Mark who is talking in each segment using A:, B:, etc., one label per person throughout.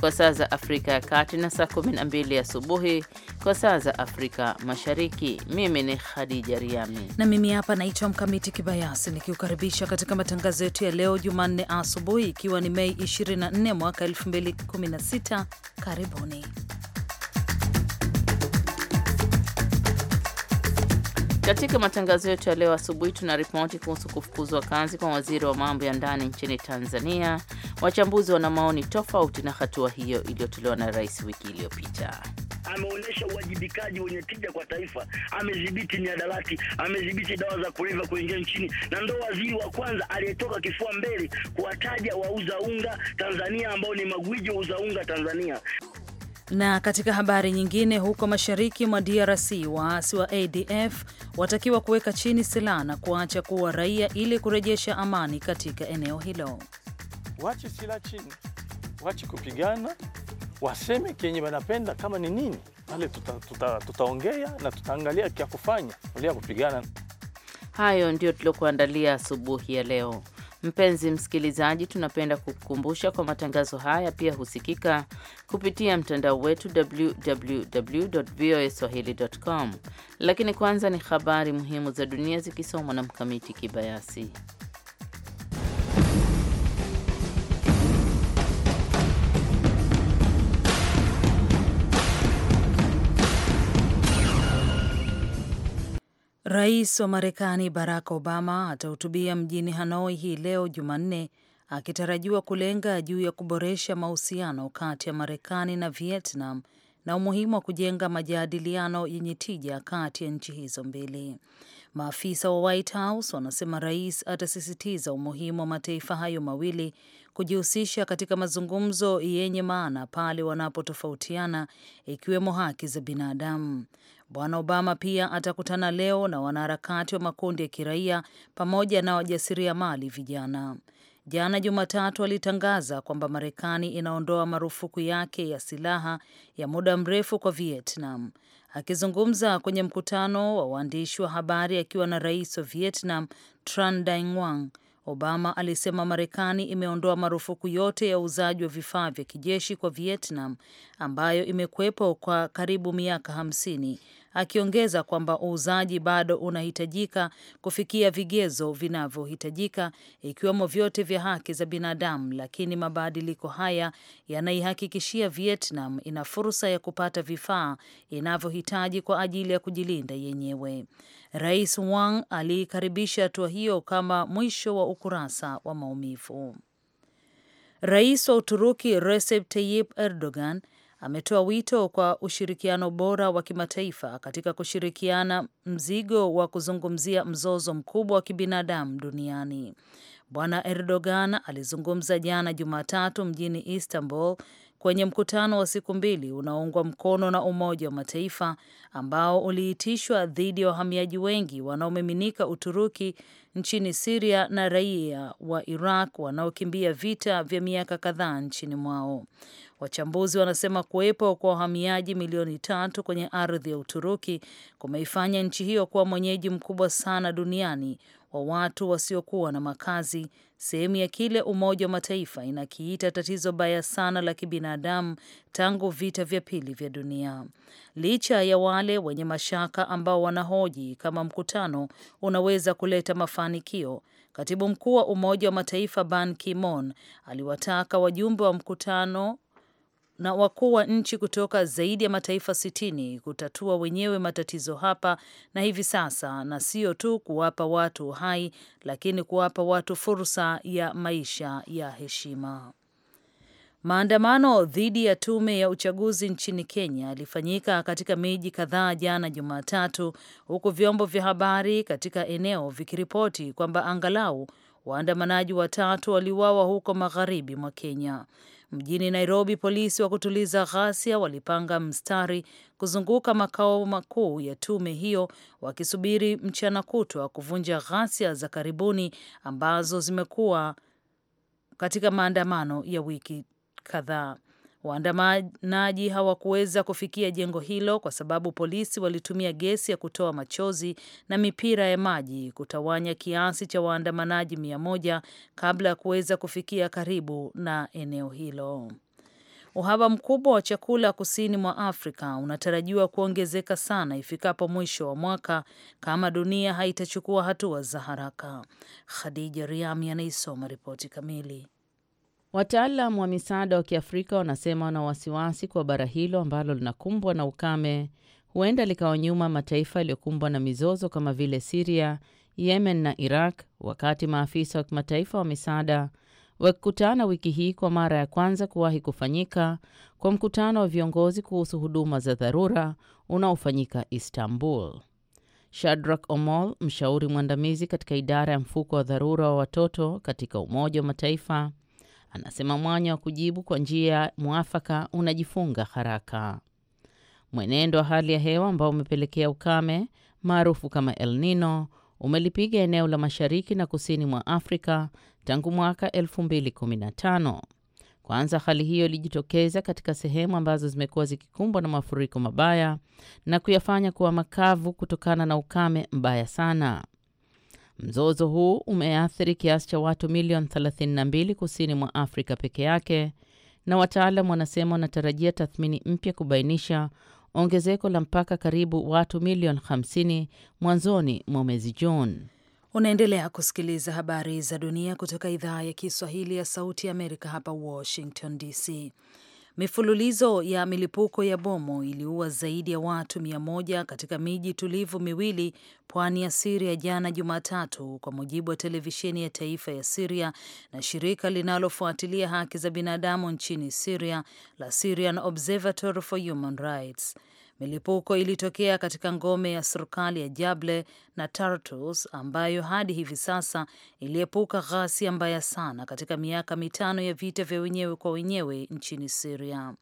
A: kwa saa za Afrika ya Kati na saa 12 asubuhi kwa saa za Afrika Mashariki. Mimi ni Khadija Riami
B: na mimi hapa naitwa Mkamiti Kibayasi nikiukaribisha katika matangazo yetu ya leo Jumanne asubuhi, ikiwa ni Mei 24 mwaka 2016. Karibuni.
A: Katika matangazo yetu ya leo asubuhi, tuna ripoti kuhusu kufukuzwa kazi kwa waziri wa mambo ya ndani nchini Tanzania. Wachambuzi wana maoni tofauti na hatua hiyo iliyotolewa na rais wiki iliyopita.
C: Ameonyesha uwajibikaji wenye tija kwa taifa, amedhibiti miadarati amedhibiti dawa za kulevya kuingia nchini, na ndo waziri wa kwanza aliyetoka kifua mbele kuwataja wauza unga Tanzania ambao ni magwiji wauza unga Tanzania. Na katika habari nyingine, huko mashariki
B: mwa DRC waasi wa ADF watakiwa kuweka chini silaha na kuacha kuwa raia ili kurejesha amani katika eneo hilo.
D: Wache silaha chini, wache kupigana, waseme kenye wanapenda kama ni nini pale, tutaongea tuta, tuta na tutaangalia kya kufanya, ulia kupigana.
A: Hayo ndio tuliokuandalia asubuhi ya leo. Mpenzi msikilizaji, tunapenda kukukumbusha kwa matangazo haya pia husikika kupitia mtandao wetu www voa www.voaswahili.com. Lakini kwanza ni habari muhimu za dunia zikisomwa na Mkamiti Kibayasi.
B: Rais wa Marekani Barack Obama atahutubia mjini Hanoi hii leo Jumanne, akitarajiwa kulenga juu ya kuboresha mahusiano kati ya Marekani na Vietnam na umuhimu wa kujenga majadiliano yenye tija kati ya nchi hizo mbili. Maafisa wa White House wanasema rais atasisitiza umuhimu wa mataifa hayo mawili kujihusisha katika mazungumzo yenye maana pale wanapotofautiana, ikiwemo haki za binadamu. Bwana Obama pia atakutana leo na wanaharakati wa makundi ya kiraia pamoja na wajasiriamali vijana. Jana Jumatatu alitangaza kwamba Marekani inaondoa marufuku yake ya silaha ya muda mrefu kwa Vietnam. Akizungumza kwenye mkutano wa waandishi wa habari akiwa na rais wa Vietnam Tran Dai Quang, Obama alisema Marekani imeondoa marufuku yote ya uuzaji wa vifaa vya kijeshi kwa Vietnam ambayo imekwepo kwa karibu miaka hamsini akiongeza kwamba uuzaji bado unahitajika kufikia vigezo vinavyohitajika ikiwemo vyote vya haki za binadamu, lakini mabadiliko haya yanaihakikishia Vietnam ina fursa ya kupata vifaa inavyohitaji kwa ajili ya kujilinda yenyewe. Rais Wang aliikaribisha hatua hiyo kama mwisho wa ukurasa wa maumivu. Rais wa Uturuki Recep Tayyip Erdogan ametoa wito kwa ushirikiano bora wa kimataifa katika kushirikiana mzigo wa kuzungumzia mzozo mkubwa wa kibinadamu duniani. Bwana Erdogan alizungumza jana Jumatatu mjini Istanbul kwenye mkutano wa siku mbili unaoungwa mkono na Umoja wa Mataifa ambao uliitishwa dhidi ya wahamiaji wengi wanaomiminika Uturuki nchini Siria na raia wa Iraq wanaokimbia vita vya miaka kadhaa nchini mwao. Wachambuzi wanasema kuwepo kwa wahamiaji milioni tatu kwenye ardhi ya Uturuki kumeifanya nchi hiyo kuwa mwenyeji mkubwa sana duniani wa watu wasiokuwa na makazi, sehemu ya kile Umoja wa Mataifa inakiita tatizo baya sana la kibinadamu tangu vita vya pili vya dunia. Licha ya wale wenye mashaka ambao wanahoji kama mkutano unaweza kuleta mafanikio, katibu mkuu wa Umoja wa Mataifa Ban Ki-moon aliwataka wajumbe wa mkutano na wakuu wa nchi kutoka zaidi ya mataifa sitini kutatua wenyewe matatizo hapa na hivi sasa, na sio tu kuwapa watu uhai, lakini kuwapa watu fursa ya maisha ya heshima. Maandamano dhidi ya tume ya uchaguzi nchini Kenya yalifanyika katika miji kadhaa jana Jumatatu, huku vyombo vya habari katika eneo vikiripoti kwamba angalau waandamanaji watatu waliuawa huko magharibi mwa Kenya. Mjini Nairobi, polisi wa kutuliza ghasia walipanga mstari kuzunguka makao makuu ya tume hiyo wakisubiri mchana kutwa kuvunja ghasia za karibuni ambazo zimekuwa katika maandamano ya wiki kadhaa. Waandamanaji hawakuweza kufikia jengo hilo kwa sababu polisi walitumia gesi ya kutoa machozi na mipira ya maji kutawanya kiasi cha waandamanaji mia moja kabla ya kuweza kufikia karibu na eneo hilo. Uhaba mkubwa wa chakula kusini mwa Afrika unatarajiwa kuongezeka sana ifikapo mwisho wa mwaka kama dunia haitachukua hatua za haraka. Khadija Riami anaisoma ripoti kamili.
A: Wataalam wa misaada wa Kiafrika wanasema wana wasiwasi kwa bara hilo ambalo linakumbwa na ukame huenda likawanyuma mataifa yaliyokumbwa na mizozo kama vile Siria, Yemen na Iraq, wakati maafisa wa kimataifa wa misaada wakikutana wiki hii kwa mara ya kwanza kuwahi kufanyika kwa mkutano wa viongozi kuhusu huduma za dharura unaofanyika Istanbul. Shadrack Omol, mshauri mwandamizi katika idara ya mfuko wa dharura wa watoto katika Umoja wa Mataifa, Anasema mwanya wa kujibu kwa njia mwafaka unajifunga haraka. Mwenendo wa hali ya hewa ambao umepelekea ukame maarufu kama El Nino umelipiga eneo la mashariki na kusini mwa Afrika tangu mwaka 2015. Kwanza hali hiyo ilijitokeza katika sehemu ambazo zimekuwa zikikumbwa na mafuriko mabaya na kuyafanya kuwa makavu kutokana na ukame mbaya sana. Mzozo huu umeathiri kiasi cha watu milioni 32 kusini mwa Afrika peke yake, na wataalam wanasema wanatarajia tathmini mpya kubainisha ongezeko la mpaka karibu watu milioni 50 mwanzoni mwa mwezi Juni.
B: Unaendelea kusikiliza habari za dunia kutoka idhaa ya Kiswahili ya Sauti ya Amerika hapa Washington DC. Mifululizo ya milipuko ya bomu iliua zaidi ya watu mia moja katika miji tulivu miwili pwani ya Siria jana Jumatatu, kwa mujibu wa televisheni ya taifa ya Siria na shirika linalofuatilia haki za binadamu nchini Siria la Syrian Observatory for Human Rights. Milipuko ilitokea katika ngome ya serikali ya Jable na Tartus ambayo hadi hivi sasa iliepuka ghasia mbaya sana katika miaka mitano ya vita vya wenyewe kwa wenyewe nchini siria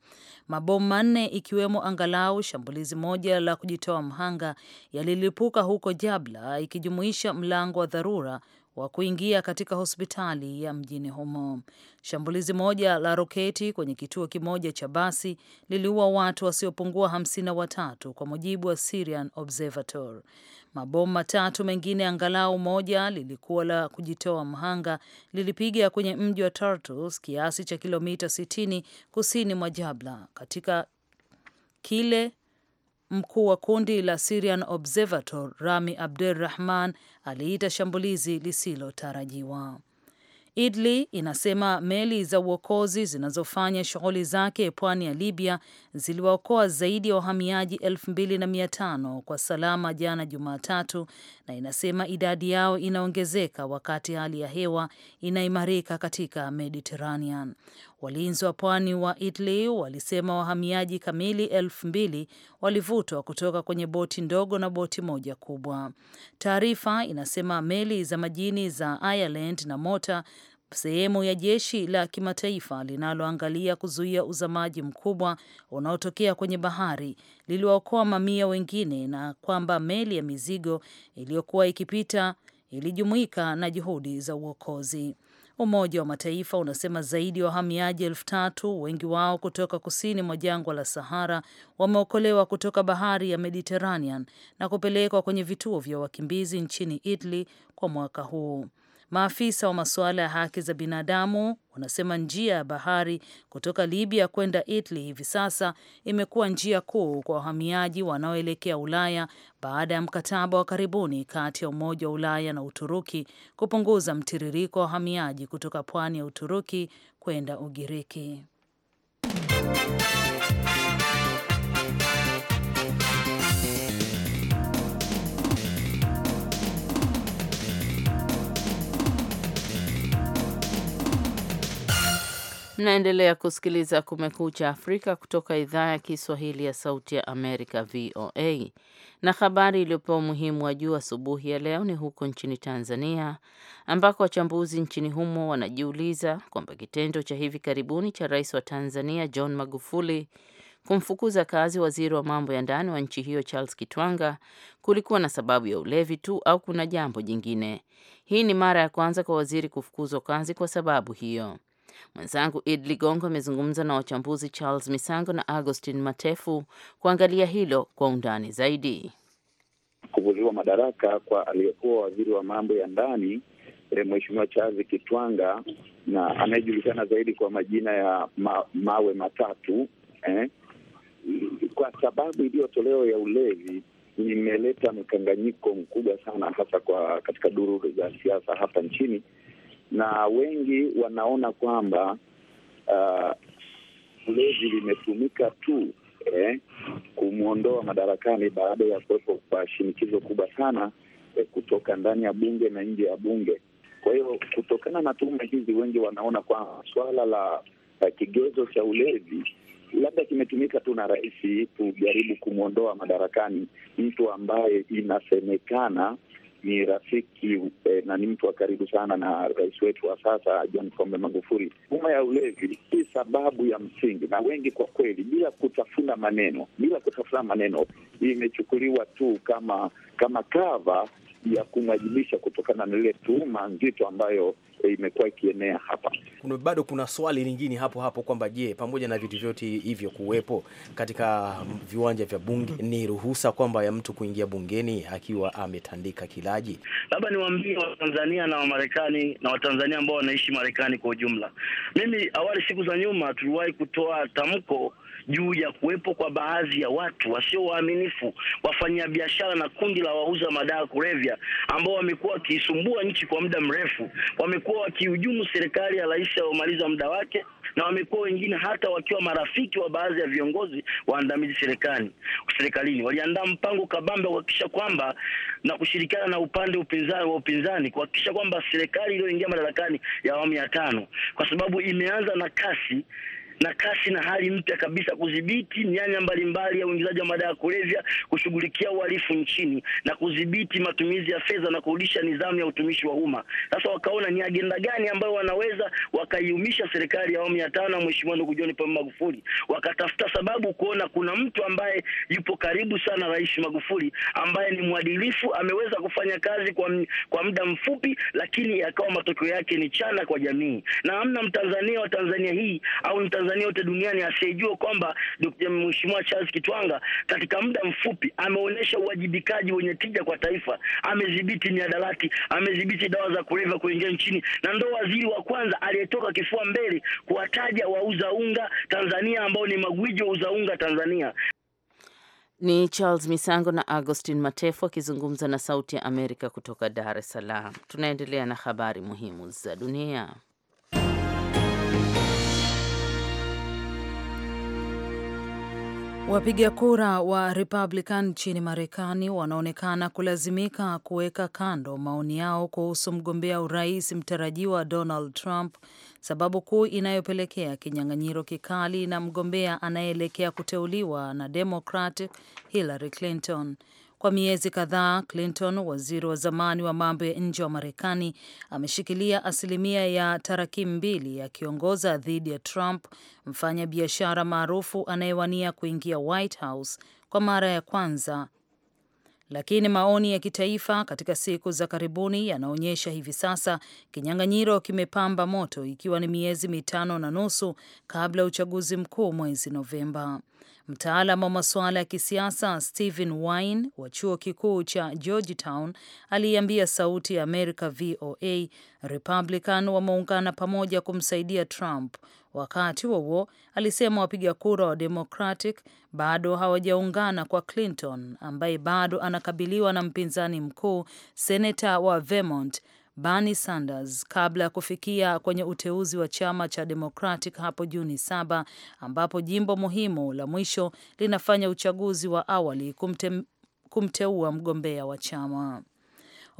B: Mabomu manne ikiwemo angalau shambulizi moja la kujitoa mhanga yalilipuka huko Jabla ikijumuisha mlango wa dharura wa kuingia katika hospitali ya mjini humo. Shambulizi moja la roketi kwenye kituo kimoja cha basi liliua watu wasiopungua hamsini na watatu kwa mujibu wa Syrian Observatory. Mabomu matatu mengine, angalau moja lilikuwa la kujitoa mhanga, lilipiga kwenye mji wa Tartus kiasi cha kilomita 60 kusini mwa Jabla katika kile Mkuu wa kundi la Syrian Observator Rami Rahman aliita shambulizi lisilotarajiwa. Idli inasema meli za uokozi zinazofanya shughuli zake pwani ya Libya ziliwaokoa zaidi ya wahamiaji 2500 kwa salama jana Jumatatu, na inasema idadi yao inaongezeka wakati hali ya hewa inaimarika katika Mediterranean. Walinzi wa pwani wa Italy walisema wahamiaji kamili elfu mbili walivutwa kutoka kwenye boti ndogo na boti moja kubwa. Taarifa inasema meli za majini za Ireland na mota sehemu ya jeshi la kimataifa linaloangalia kuzuia uzamaji mkubwa unaotokea kwenye bahari liliwaokoa mamia wengine, na kwamba meli ya mizigo iliyokuwa ikipita ilijumuika na juhudi za uokozi. Umoja wa Mataifa unasema zaidi ya wa wahamiaji elfu tatu, wengi wao kutoka kusini mwa jangwa la Sahara, wameokolewa kutoka bahari ya Mediterranean na kupelekwa kwenye vituo vya wakimbizi nchini Italy kwa mwaka huu. Maafisa wa masuala ya haki za binadamu wanasema njia ya bahari kutoka Libya kwenda Italy hivi sasa imekuwa njia kuu kwa wahamiaji wanaoelekea Ulaya baada ya mkataba wa karibuni kati ya Umoja wa Ulaya na Uturuki kupunguza mtiririko wa wahamiaji kutoka pwani ya Uturuki kwenda Ugiriki.
A: Mnaendelea kusikiliza Kumekucha Afrika kutoka idhaa ya Kiswahili ya Sauti ya Amerika, VOA. Na habari iliyopewa umuhimu wa juu asubuhi ya leo ni huko nchini Tanzania, ambako wachambuzi nchini humo wanajiuliza kwamba kitendo cha hivi karibuni cha rais wa Tanzania John Magufuli kumfukuza kazi waziri wa mambo ya ndani wa nchi hiyo Charles Kitwanga kulikuwa na sababu ya ulevi tu au kuna jambo jingine. Hii ni mara ya kwanza kwa waziri kufukuzwa kazi kwa sababu hiyo. Mwenzangu Id Ligongo amezungumza na wachambuzi Charles Misango na Agostin Matefu kuangalia hilo kwa undani zaidi.
E: Kuvuliwa madaraka kwa aliyekuwa waziri wa mambo ya ndani e, Mheshimiwa Charles Kitwanga na anayejulikana zaidi kwa majina ya ma, mawe matatu eh, kwa sababu iliyotolewa ya ulevi imeleta mkanganyiko mkubwa sana hasa kwa katika duru za siasa hapa nchini na wengi wanaona kwamba ulezi uh, limetumika tu eh, kumwondoa madarakani baada ya kuwepo kwa shinikizo kubwa sana eh, kutoka ndani ya bunge na nje ya bunge. Kwa hiyo kutokana na tume hizi, wengi wanaona kwamba swala la, la kigezo cha ulezi labda kimetumika tu na rais kujaribu kumwondoa madarakani mtu ambaye inasemekana ni rafiki eh, na ni mtu wa karibu sana na rais wetu wa sasa John Pombe Magufuli. Huma ya ulevi si sababu ya msingi, na wengi kwa kweli, bila kutafuna maneno, bila kutafuna maneno, imechukuliwa tu kama kama kava ya kumwajibisha kutokana na ile tuhuma nzito ambayo e, imekuwa ikienea hapa.
C: Kuna bado kuna swali lingine hapo hapo kwamba je, pamoja na vitu vyote hivyo kuwepo katika viwanja vya bunge, mm-hmm. ni ruhusa kwamba ya mtu kuingia bungeni akiwa ametandika kilaji? Labda niwaambie Watanzania na Wamarekani na Watanzania ambao wanaishi Marekani kwa ujumla, mimi awali, siku za nyuma, tuliwahi kutoa tamko juu ya kuwepo kwa baadhi ya watu wasio waaminifu, wafanyabiashara na kundi la wauza madawa kulevya ambao wamekuwa wakiisumbua nchi kwa muda mrefu. Wamekuwa wakihujumu serikali ya rais aliyomaliza muda wake na wamekuwa wengine hata wakiwa marafiki wa baadhi ya viongozi waandamizi serikali serikalini. Waliandaa mpango kabambe kuhakikisha kwamba na kushirikiana na upande upinzani wa upinzani kuhakikisha kwamba serikali iliyoingia madarakani ya awamu ya tano, kwa sababu imeanza na kasi na kasi na hali mpya kabisa kudhibiti mianya mbalimbali ya uingizaji wa madawa ya kulevya, kushughulikia uhalifu nchini na kudhibiti matumizi ya fedha na kurudisha nidhamu ya utumishi wa umma. Sasa wakaona ni agenda gani ambayo wanaweza wakaiumisha serikali ya awamu ya tano a Mheshimiwa ndugu John Pombe Magufuli, wakatafuta sababu kuona kuna mtu ambaye yupo karibu sana Rais Magufuli ambaye ni mwadilifu, ameweza kufanya kazi kwa, kwa muda mfupi, lakini yakawa matokeo yake ni chana kwa jamii na hamna Mtanzania wa Tanzania hii au Mtanzania Tanzania yote duniani asiyejua kwamba Dr. Mheshimiwa Charles Kitwanga katika muda mfupi ameonyesha uwajibikaji wenye tija kwa taifa, amedhibiti miadarati amedhibiti dawa za kulevya kuingia nchini, na ndo waziri wa kwanza aliyetoka kifua mbele kuwataja wauza unga Tanzania ambao ni magwiji wauza unga Tanzania.
A: Ni Charles Misango na Agustin Matefu akizungumza na Sauti ya Amerika kutoka Dar es Salaam. Tunaendelea na habari muhimu za dunia.
B: Wapiga kura wa Republican nchini Marekani wanaonekana kulazimika kuweka kando maoni yao kuhusu mgombea urais mtarajiwa Donald Trump, sababu kuu inayopelekea kinyang'anyiro kikali na mgombea anayeelekea kuteuliwa na Democrat Hillary Clinton. Kwa miezi kadhaa, Clinton, waziri wa zamani wa mambo ya nje wa Marekani, ameshikilia asilimia ya tarakimu mbili akiongoza dhidi ya Trump, mfanya biashara maarufu anayewania kuingia White House kwa mara ya kwanza. Lakini maoni ya kitaifa katika siku za karibuni yanaonyesha hivi sasa kinyang'anyiro kimepamba moto, ikiwa ni miezi mitano na nusu kabla ya uchaguzi mkuu mwezi Novemba mtaalam wa masuala ya kisiasa Stephen Wine wa chuo kikuu cha Georgetown aliiambia Sauti ya Amerika VOA Republican wameungana pamoja kumsaidia Trump. Wakati huo huo, alisema wapiga kura wa Democratic bado hawajaungana kwa Clinton ambaye bado anakabiliwa na mpinzani mkuu seneta wa Vermont Bernie Sanders kabla ya kufikia kwenye uteuzi wa chama cha Democratic hapo Juni saba, ambapo jimbo muhimu la mwisho linafanya uchaguzi wa awali kumte, kumteua mgombea wa chama.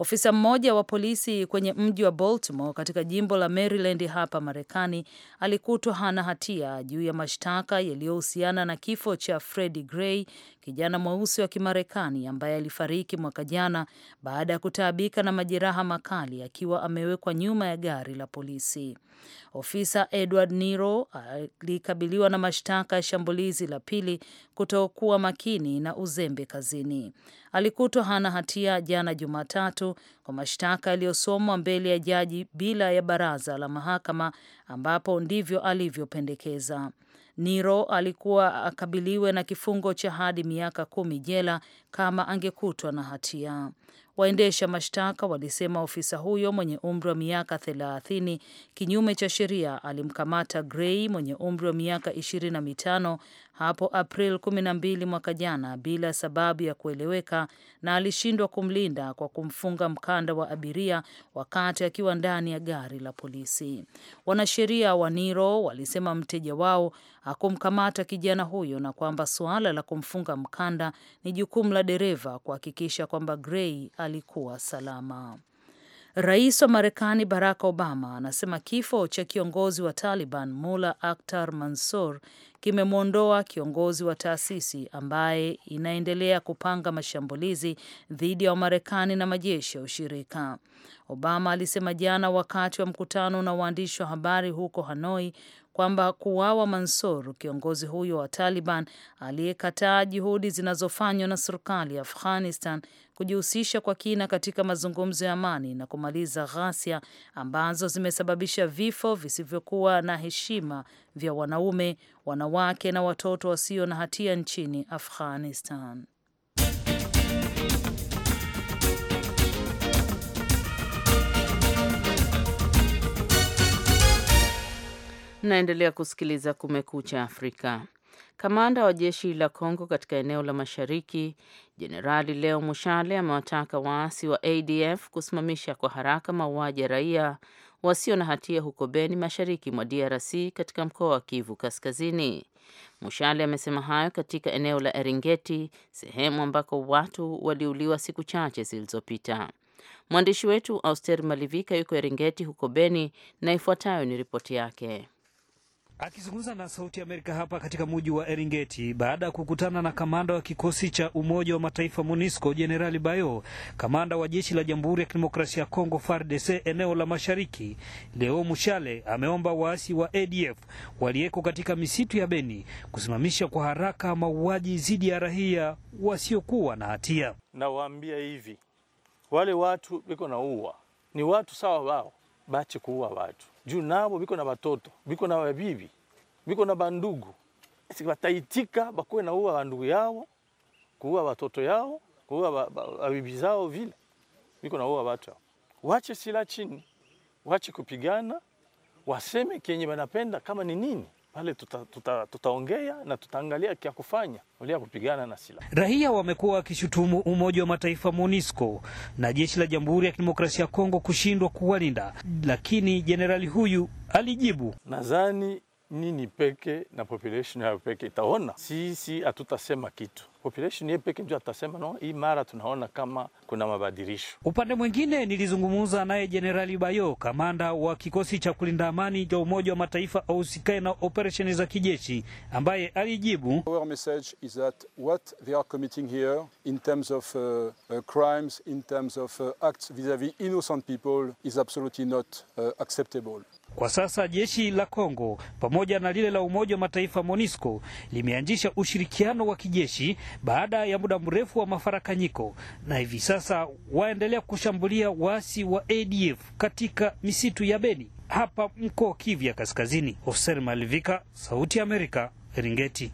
B: Ofisa mmoja wa polisi kwenye mji wa Baltimore katika jimbo la Maryland hapa Marekani alikutwa hana hatia juu ya mashtaka yaliyohusiana na kifo cha Freddie Gray, kijana mweusi wa Kimarekani ambaye alifariki mwaka jana baada ya kutaabika na majeraha makali akiwa amewekwa nyuma ya gari la polisi. Ofisa Edward Niro alikabiliwa na mashtaka ya shambulizi la pili, kutokuwa makini na uzembe kazini alikutwa hana hatia jana Jumatatu kwa mashtaka yaliyosomwa mbele ya jaji bila ya baraza la mahakama, ambapo ndivyo alivyopendekeza. Niro alikuwa akabiliwe na kifungo cha hadi miaka kumi jela kama angekutwa na hatia. Waendesha mashtaka walisema ofisa huyo mwenye umri wa miaka 30 kinyume cha sheria alimkamata Gray mwenye umri wa miaka 25 hapo April 12 mwaka jana bila sababu ya kueleweka na alishindwa kumlinda kwa kumfunga mkanda wa abiria wakati akiwa ndani ya gari la polisi. Wanasheria wa Niro walisema mteja wao hakumkamata kijana huyo na kwamba suala la kumfunga mkanda ni jukumu la dereva kuhakikisha kwamba Gray alikuwa salama. Rais wa Marekani Barack Obama anasema kifo cha kiongozi wa Taliban Mula Akhtar Mansur kimemwondoa kiongozi wa taasisi ambaye inaendelea kupanga mashambulizi dhidi ya Wamarekani na majeshi ya ushirika. Obama alisema jana wakati wa mkutano na waandishi wa habari huko Hanoi kwamba kuuawa Mansur, kiongozi huyo wa Taliban aliyekataa juhudi zinazofanywa na serikali ya Afghanistan kujihusisha kwa kina katika mazungumzo ya amani na kumaliza ghasia ambazo zimesababisha vifo visivyokuwa na heshima vya wanaume, wanawake na watoto wasio na hatia nchini Afghanistan.
A: Mnaendelea kusikiliza Kumekucha Afrika. Kamanda wa jeshi la Kongo katika eneo la mashariki, Jenerali Leo Mushale amewataka waasi wa ADF kusimamisha kwa haraka mauaji ya raia wasio na hatia huko Beni, mashariki mwa DRC, katika mkoa wa Kivu Kaskazini. Mushale amesema hayo katika eneo la Eringeti, sehemu ambako watu waliuliwa siku chache zilizopita. Mwandishi wetu Auster Malivika yuko Eringeti huko Beni na ifuatayo ni ripoti yake.
F: Akizungumza na Sauti ya Amerika hapa katika muji wa Eringeti baada ya kukutana na kamanda wa kikosi cha Umoja wa Mataifa MONUSCO Jenerali Bayo, kamanda wa jeshi la Jamhuri ya Kidemokrasia ya Kongo FARDC eneo la mashariki, Leo Mushale ameomba waasi wa ADF waliyeko katika misitu ya Beni kusimamisha kwa haraka mauaji dhidi ya raia wasiokuwa na
D: hatia. Nawaambia hivi, wale watu wiko na ni watu sawa, wao bache kuua watu juu nabo viko na batoto viko na babibi viko na bandugu, bataitika bakuwe na uwa bandugu yao kuua batoto yao kuua babibi zao, vile viko na uwa watu yao. Wache sila chini, wache kupigana, waseme kenye banapenda kama ni nini pale tutaongea tuta, tuta na tutaangalia kia kufanya ulia kupigana na silaha.
F: Raia wamekuwa wakishutumu Umoja wa Mataifa MONUSCO na jeshi la Jamhuri ya Kidemokrasia ya Kongo kushindwa kuwalinda, lakini jenerali huyu alijibu,
D: nadhani nini peke na population yao peke itaona. Sisi hatutasema kitu, population yeye peke ndio atasema no, hii mara tunaona kama kuna mabadilisho.
F: Upande mwingine, nilizungumza naye Jenerali Bayo, kamanda wa kikosi cha kulinda amani cha Umoja wa Mataifa ahusikaye na operesheni za kijeshi, ambaye alijibu, our message is that what they are committing here in terms
B: of uh, uh, crimes in terms of uh, acts vis-a-vis -vis innocent people is absolutely
F: not uh, acceptable kwa sasa jeshi la Kongo pamoja na lile la Umoja wa Mataifa MONUSCO limeanzisha ushirikiano wa kijeshi baada ya muda mrefu wa mafarakanyiko, na hivi sasa waendelea kushambulia waasi wa ADF katika misitu ya Beni hapa mkoa Kivu ya Kaskazini. Hoser Malivika, Sauti ya Amerika, Eringeti.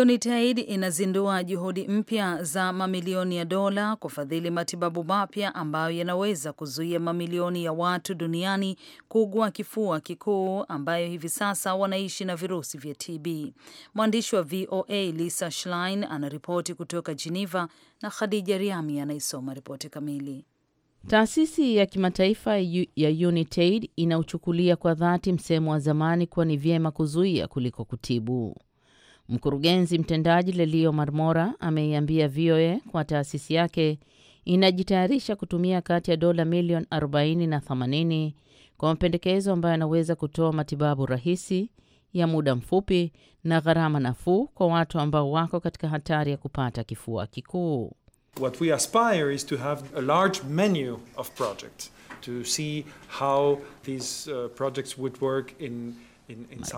B: UNITAID inazindua juhudi mpya za mamilioni ya dola kufadhili matibabu mapya ambayo yanaweza kuzuia mamilioni ya watu duniani kuugua kifua kikuu ambayo hivi sasa wanaishi na virusi vya TB. Mwandishi wa VOA Lisa Schlein anaripoti kutoka Geneva na Khadija Riami anaisoma ripoti kamili.
A: Taasisi ya kimataifa ya UNITAID inauchukulia kwa dhati msemo wa zamani kuwa ni vyema kuzuia kuliko kutibu. Mkurugenzi mtendaji Lelio Marmora ameiambia VOA kwa taasisi yake inajitayarisha kutumia kati ya dola milioni 40 na 80 kwa mapendekezo ambayo yanaweza kutoa matibabu rahisi ya muda mfupi na gharama nafuu kwa watu ambao wako katika hatari ya kupata kifua kikuu.
F: What we aspire is to have a large menu of projects
B: to see how these uh, projects would work in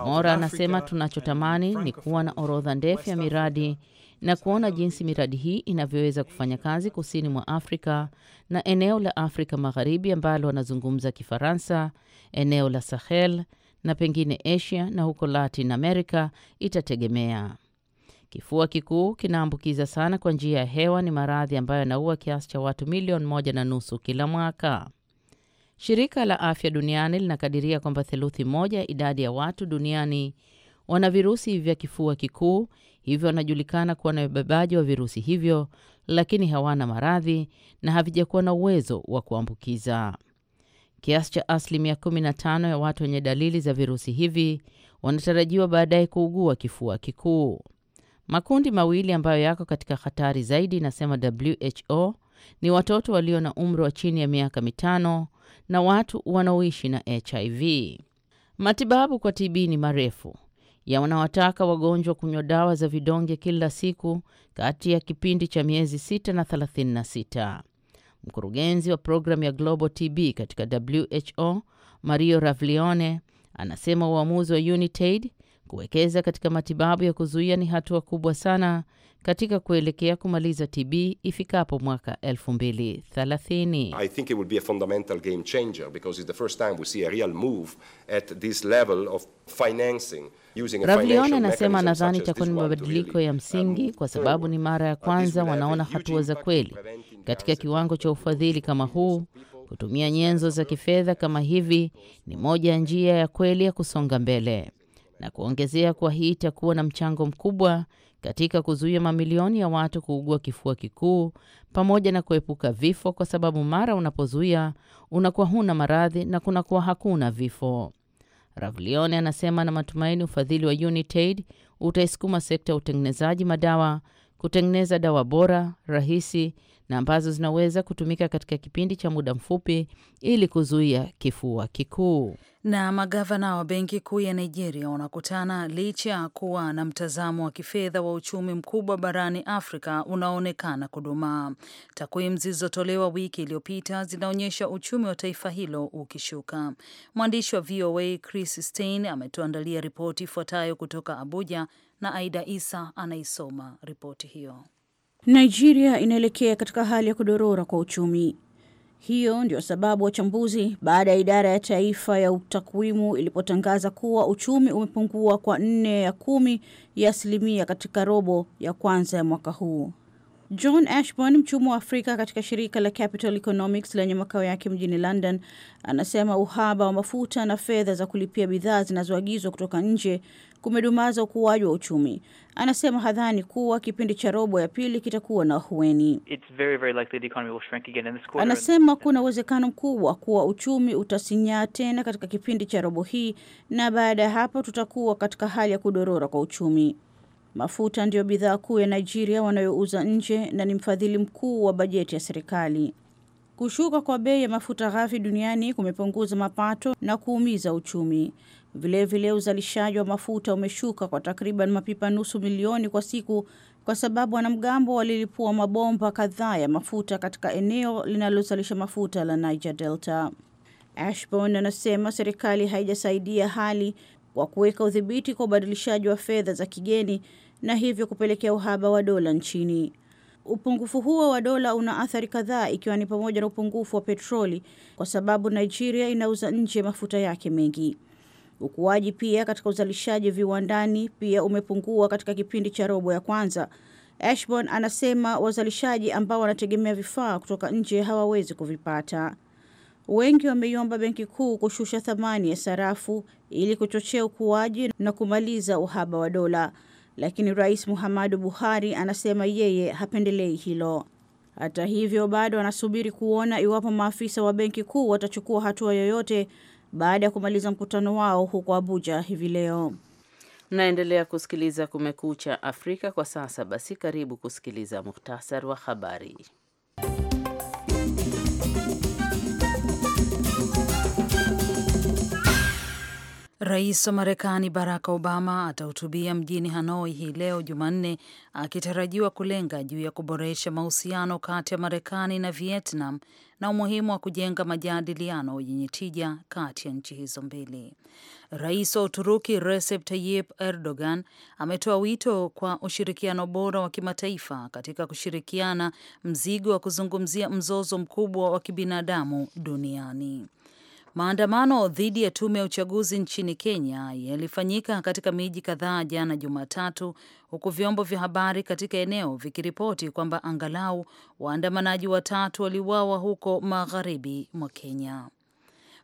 B: Mora anasema
A: tunachotamani ni kuwa na orodha ndefu ya miradi na kuona jinsi miradi hii inavyoweza kufanya kazi kusini mwa Afrika na eneo la Afrika Magharibi ambalo wanazungumza Kifaransa, eneo la Sahel na pengine Asia na huko Latin America itategemea. Kifua kikuu kinaambukiza sana kwa njia ya hewa, ni maradhi ambayo yanaua kiasi cha watu milioni moja na nusu kila mwaka. Shirika la Afya Duniani linakadiria kwamba theluthi moja ya idadi ya watu duniani wana virusi vya kifua kikuu, hivyo wanajulikana kuwa na wabebaji wa virusi hivyo, lakini hawana maradhi na havijakuwa na uwezo wa kuambukiza. Kiasi cha asilimia 15 ya watu wenye dalili za virusi hivi wanatarajiwa baadaye kuugua kifua kikuu. Makundi mawili ambayo yako katika hatari zaidi, inasema WHO, ni watoto walio na umri wa chini ya miaka mitano na watu wanaoishi na HIV. Matibabu kwa TB ni marefu, yanawataka wagonjwa kunywa dawa za vidonge kila siku kati ya kipindi cha miezi sita na 36. Mkurugenzi wa programu ya Global TB katika WHO Mario Ravlione anasema uamuzi wa Unitaid kuwekeza katika matibabu ya kuzuia ni hatua kubwa sana katika kuelekea kumaliza TB ifikapo mwaka 2030.
E: I think it would be a fundamental game changer because it's the first time we see a real move at this level of financing
G: Ravlione anasema nadhani
A: itakuwa ni mabadiliko ya msingi um, kwa sababu ni mara ya kwanza wanaona hatua za kweli katika kiwango cha ufadhili kama huu. Kutumia nyenzo za kifedha kama hivi ni moja ya njia ya kweli ya kusonga mbele na kuongezea kuwa hii itakuwa na mchango mkubwa katika kuzuia mamilioni ya watu kuugua kifua kikuu pamoja na kuepuka vifo, kwa sababu mara unapozuia unakuwa huna maradhi na kunakuwa hakuna vifo. Ravlione anasema na matumaini ufadhili wa Unitaid utaisukuma sekta ya utengenezaji madawa kutengeneza dawa bora, rahisi na ambazo zinaweza kutumika katika kipindi cha muda mfupi ili kuzuia kifua kikuu.
B: Na magavana wa benki kuu ya Nigeria wanakutana licha ya kuwa na mtazamo wa kifedha wa uchumi mkubwa barani Afrika unaoonekana kudumaa. Takwimu zilizotolewa wiki iliyopita zinaonyesha uchumi wa taifa hilo ukishuka. Mwandishi wa VOA Chris Stein ametuandalia ripoti ifuatayo kutoka Abuja na Aida Isa anaisoma ripoti hiyo.
H: Nigeria inaelekea katika hali ya kudorora kwa uchumi. Hiyo ndio sababu wachambuzi, baada ya idara ya taifa ya utakwimu ilipotangaza kuwa uchumi umepungua kwa nne ya kumi ya asilimia katika robo ya kwanza ya mwaka huu. John Ashburn, mchumi wa Afrika katika shirika la Capital Economics lenye makao yake mjini London, anasema uhaba wa mafuta na fedha za kulipia bidhaa zinazoagizwa kutoka nje kumedumaza ukuaji wa uchumi. Anasema hadhani kuwa kipindi cha robo ya pili kitakuwa na ahueni. Anasema kuna uwezekano mkubwa kuwa uchumi utasinyaa tena katika kipindi cha robo hii, na baada ya hapo tutakuwa katika hali ya kudorora kwa uchumi. Mafuta ndiyo bidhaa kuu ya Nigeria wanayouza nje na ni mfadhili mkuu wa bajeti ya serikali. Kushuka kwa bei ya mafuta ghafi duniani kumepunguza mapato na kuumiza uchumi. Vilevile, uzalishaji wa mafuta umeshuka kwa takriban mapipa nusu milioni kwa siku kwa sababu wanamgambo walilipua mabomba kadhaa ya mafuta katika eneo linalozalisha mafuta la Niger Delta. Ashburn anasema serikali haijasaidia hali kwa kuweka udhibiti kwa ubadilishaji wa fedha za kigeni na hivyo kupelekea uhaba wa dola nchini. Upungufu huo wa dola una athari kadhaa, ikiwa ni pamoja na upungufu wa petroli, kwa sababu Nigeria inauza nje mafuta yake mengi. Ukuaji pia katika uzalishaji viwandani pia umepungua katika kipindi cha robo ya kwanza. Ashbon anasema wazalishaji ambao wanategemea vifaa kutoka nje hawawezi kuvipata. Wengi wameiomba benki kuu kushusha thamani ya sarafu ili kuchochea ukuaji na kumaliza uhaba wa dola lakini Rais Muhammadu Buhari anasema yeye hapendelei hilo. Hata hivyo, bado anasubiri kuona iwapo maafisa wa benki kuu watachukua hatua yoyote baada ya kumaliza mkutano wao huko Abuja hivi leo.
A: Mnaendelea kusikiliza Kumekucha Afrika. Kwa sasa basi, karibu kusikiliza muhtasari wa habari.
B: Rais wa Marekani Barack Obama atahutubia mjini Hanoi hii leo Jumanne, akitarajiwa kulenga juu ya kuboresha mahusiano kati ya Marekani na Vietnam na umuhimu wa kujenga majadiliano yenye tija kati ya nchi hizo mbili. Rais wa Uturuki Recep Tayyip Erdogan ametoa wito kwa ushirikiano bora wa kimataifa katika kushirikiana mzigo wa kuzungumzia mzozo mkubwa wa kibinadamu duniani. Maandamano dhidi ya tume ya uchaguzi nchini Kenya yalifanyika katika miji kadhaa jana Jumatatu, huku vyombo vya habari katika eneo vikiripoti kwamba angalau waandamanaji watatu waliuawa huko magharibi mwa Kenya.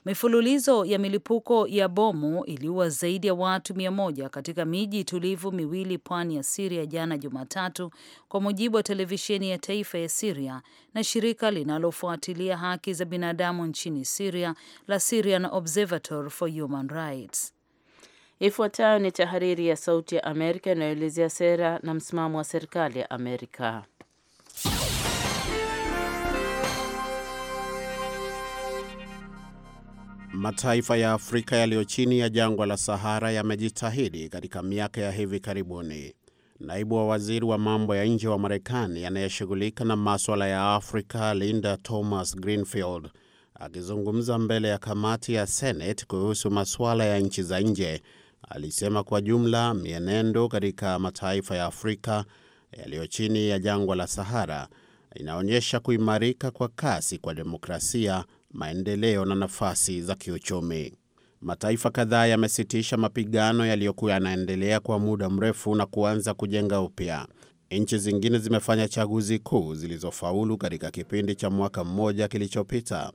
B: Mifululizo ya milipuko ya bomu iliua zaidi ya watu mia moja katika miji tulivu miwili pwani ya Siria jana Jumatatu, kwa mujibu wa televisheni ya taifa ya Siria na shirika linalofuatilia haki za binadamu nchini Siria
A: la Syrian Observatory for Human Rights. Ifuatayo ni tahariri ya Sauti ya Amerika inayoelezea sera na msimamo wa serikali ya Amerika.
G: Mataifa ya Afrika yaliyo chini ya jangwa la Sahara yamejitahidi katika miaka ya hivi karibuni. Naibu wa waziri wa mambo ya nje wa Marekani anayeshughulika na maswala ya Afrika, Linda Thomas Greenfield, akizungumza mbele ya kamati ya Senate kuhusu masuala ya nchi za nje, alisema kwa jumla mienendo katika mataifa ya Afrika yaliyo chini ya jangwa la Sahara inaonyesha kuimarika kwa kasi kwa demokrasia maendeleo na nafasi za kiuchumi. Mataifa kadhaa yamesitisha mapigano yaliyokuwa yanaendelea kwa muda mrefu na kuanza kujenga upya. Nchi zingine zimefanya chaguzi kuu zilizofaulu katika kipindi cha mwaka mmoja kilichopita.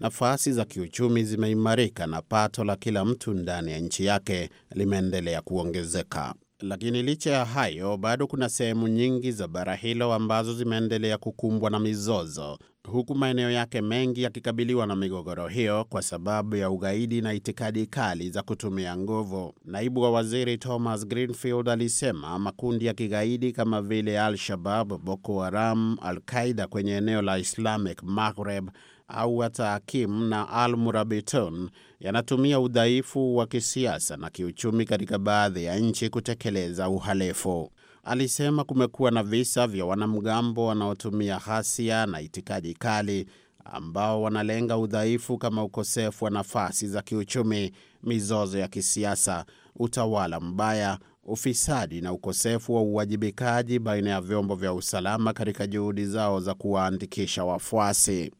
G: Nafasi za kiuchumi zimeimarika na pato la kila mtu ndani ya nchi yake limeendelea kuongezeka. Lakini licha ya hayo, bado kuna sehemu nyingi za bara hilo ambazo zimeendelea kukumbwa na mizozo, huku maeneo yake mengi yakikabiliwa na migogoro hiyo kwa sababu ya ugaidi na itikadi kali za kutumia nguvu. Naibu wa waziri Thomas Greenfield alisema makundi ya kigaidi kama vile Al Shabab, Boko Haram, Al Qaida kwenye eneo la Islamic Maghreb au hata Akim na Al Murabitun yanatumia udhaifu wa kisiasa na kiuchumi katika baadhi ya nchi kutekeleza uhalifu. Alisema kumekuwa na visa vya wanamgambo wanaotumia ghasia na itikadi kali ambao wanalenga udhaifu kama ukosefu wa nafasi za kiuchumi, mizozo ya kisiasa, utawala mbaya, ufisadi na ukosefu wa uwajibikaji baina ya vyombo vya usalama katika juhudi zao za kuwaandikisha wafuasi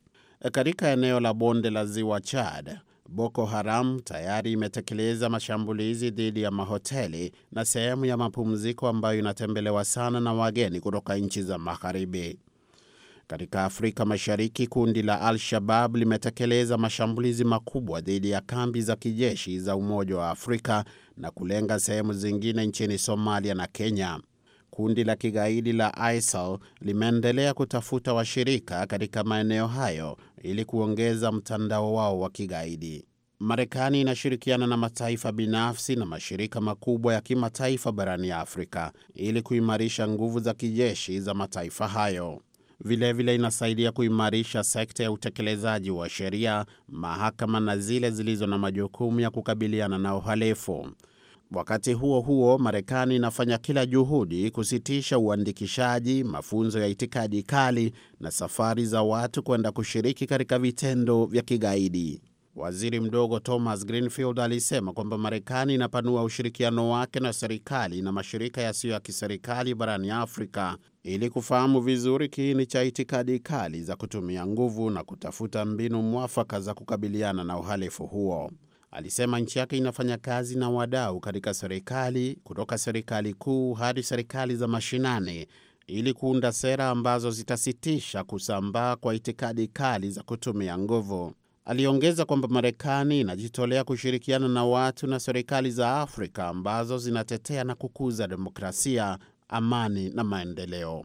G: katika eneo la bonde la ziwa Chad. Boko Haram tayari imetekeleza mashambulizi dhidi ya mahoteli na sehemu ya mapumziko ambayo inatembelewa sana na wageni kutoka nchi za magharibi. Katika Afrika Mashariki, kundi la Al-Shabab limetekeleza mashambulizi makubwa dhidi ya kambi za kijeshi za Umoja wa Afrika na kulenga sehemu zingine nchini Somalia na Kenya kundi la kigaidi la ISIL limeendelea kutafuta washirika katika maeneo hayo ili kuongeza mtandao wao wa kigaidi. Marekani inashirikiana na mataifa binafsi na mashirika makubwa ya kimataifa barani Afrika ili kuimarisha nguvu za kijeshi za mataifa hayo. Vilevile vile inasaidia kuimarisha sekta ya utekelezaji wa sheria, mahakama na zile zilizo na majukumu ya kukabiliana na uhalifu. Wakati huo huo, Marekani inafanya kila juhudi kusitisha uandikishaji, mafunzo ya itikadi kali na safari za watu kwenda kushiriki katika vitendo vya kigaidi. Waziri mdogo Thomas Greenfield alisema kwamba Marekani inapanua ushirikiano wake na serikali na mashirika yasiyo ya kiserikali barani Afrika ili kufahamu vizuri kiini cha itikadi kali za kutumia nguvu na kutafuta mbinu mwafaka za kukabiliana na uhalifu huo alisema nchi yake inafanya kazi na wadau katika serikali, kutoka serikali kuu hadi serikali za mashinani ili kuunda sera ambazo zitasitisha kusambaa kwa itikadi kali za kutumia nguvu. Aliongeza kwamba Marekani inajitolea kushirikiana na watu na serikali za Afrika ambazo zinatetea na kukuza demokrasia, amani na maendeleo.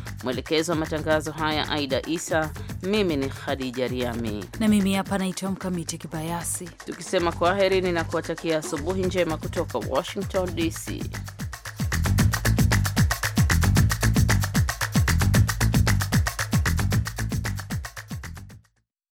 A: Mwelekezi wa matangazo haya Aida Isa, mimi ni Khadija Riami
B: na mimi hapa naitwa Mkamiti Kibayasi,
A: tukisema kwa na kuwatakia asubuhi njema kutoka Washington DC.